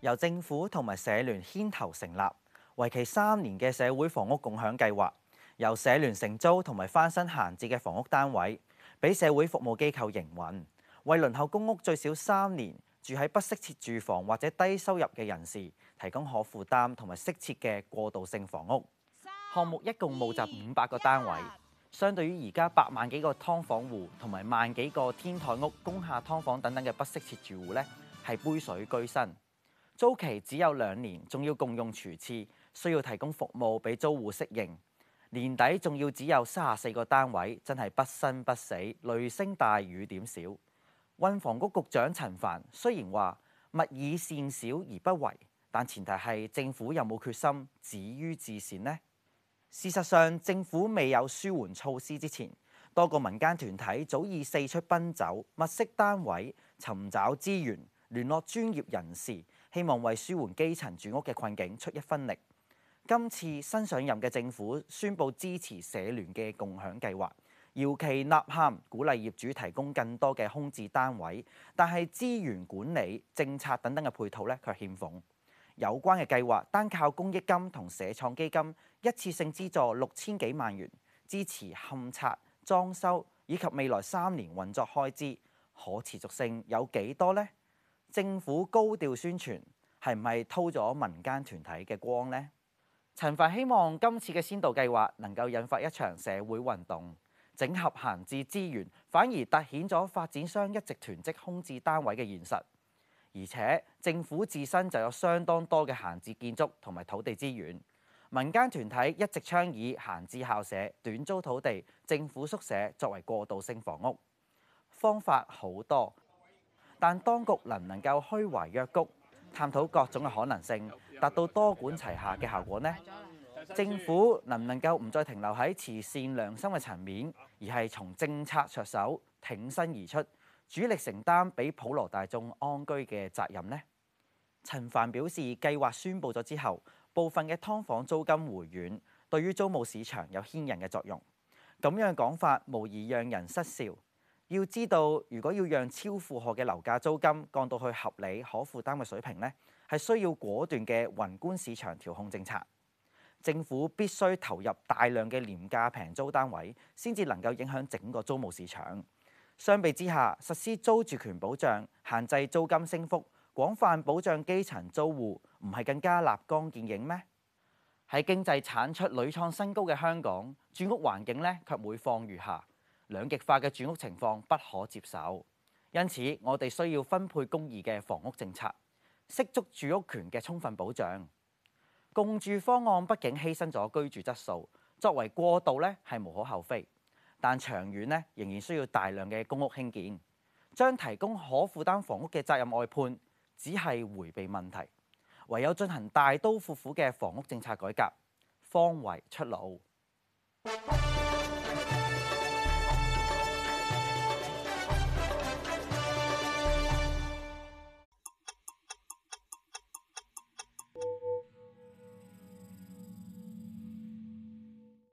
由政府同埋社聯牽頭成立，為期三年嘅社會房屋共享計劃，由社聯承租同埋翻新閒置嘅房屋單位，俾社會服務機構營運，為輪候公屋最少三年住喺不適切住房或者低收入嘅人士，提供可負擔同埋適切嘅過渡性房屋。項目一共募集五百個單位。相對於而家百萬幾個㓥房戶同埋萬幾個天台屋、工廈㓥房等等嘅不適切住戶呢，係杯水車薪，租期只有兩年，仲要共用廚廁，需要提供服務俾租戶適應，年底仲要只有三十四個單位，真係不生不死，雷聲大雨點小。運房局局長陳帆雖然話勿以善小而不為，但前提係政府有冇決心止於至善呢？事實上，政府未有舒緩措施之前，多個民間團體早已四出奔走，物色單位、尋找資源、聯絡專業人士，希望為舒緩基層住屋嘅困境出一分力。今次新上任嘅政府宣布支持社聯嘅共享計劃，搖旗吶喊，鼓勵業主提供更多嘅空置單位，但係資源管理政策等等嘅配套呢，卻欠奉。有關嘅計劃，單靠公益金同社創基金一次性資助六千幾萬元，支持勘察裝修以及未來三年運作開支，可持續性有幾多呢？政府高調宣傳，係唔係偷咗民間團體嘅光呢？陳帆希望今次嘅先導計劃能夠引發一場社會運動，整合閒置資源，反而凸顯咗發展商一直囤積空置單位嘅現實。而且政府自身就有相當多嘅閒置建築同埋土地資源，民間團體一直倡議閒置校舍、短租土地、政府宿舍作為過渡性房屋，方法好多。但當局能唔能夠虛懷若谷，探討各種嘅可能性，達到多管齊下嘅效果呢？政府能唔能夠唔再停留喺慈善良心嘅層面，而係從政策着手，挺身而出？主力承擔俾普羅大眾安居嘅責任呢？陳帆表示，計劃宣布咗之後，部分嘅劏房租金回暖，對於租務市場有牽引嘅作用。咁樣嘅講法，無疑讓人失笑。要知道，如果要讓超負荷嘅樓價租金降到去合理可負擔嘅水平呢，係需要果斷嘅宏觀市場調控政策。政府必須投入大量嘅廉價平租單位，先至能夠影響整個租務市場。相比之下，實施租住權保障、限制租金升幅、廣泛保障基層租戶，唔係更加立竿見影咩？喺經濟產出屢創新高嘅香港，住屋環境呢卻每況愈下，兩極化嘅住屋情況不可接受。因此，我哋需要分配公義嘅房屋政策，適足住屋權嘅充分保障。共住方案畢竟犧牲咗居住質素，作為過渡呢係無可厚非。但長遠咧，仍然需要大量嘅公屋興建，將提供可負擔房屋嘅責任外判，只係迴避問題，唯有進行大刀闊斧嘅房屋政策改革，方為出路。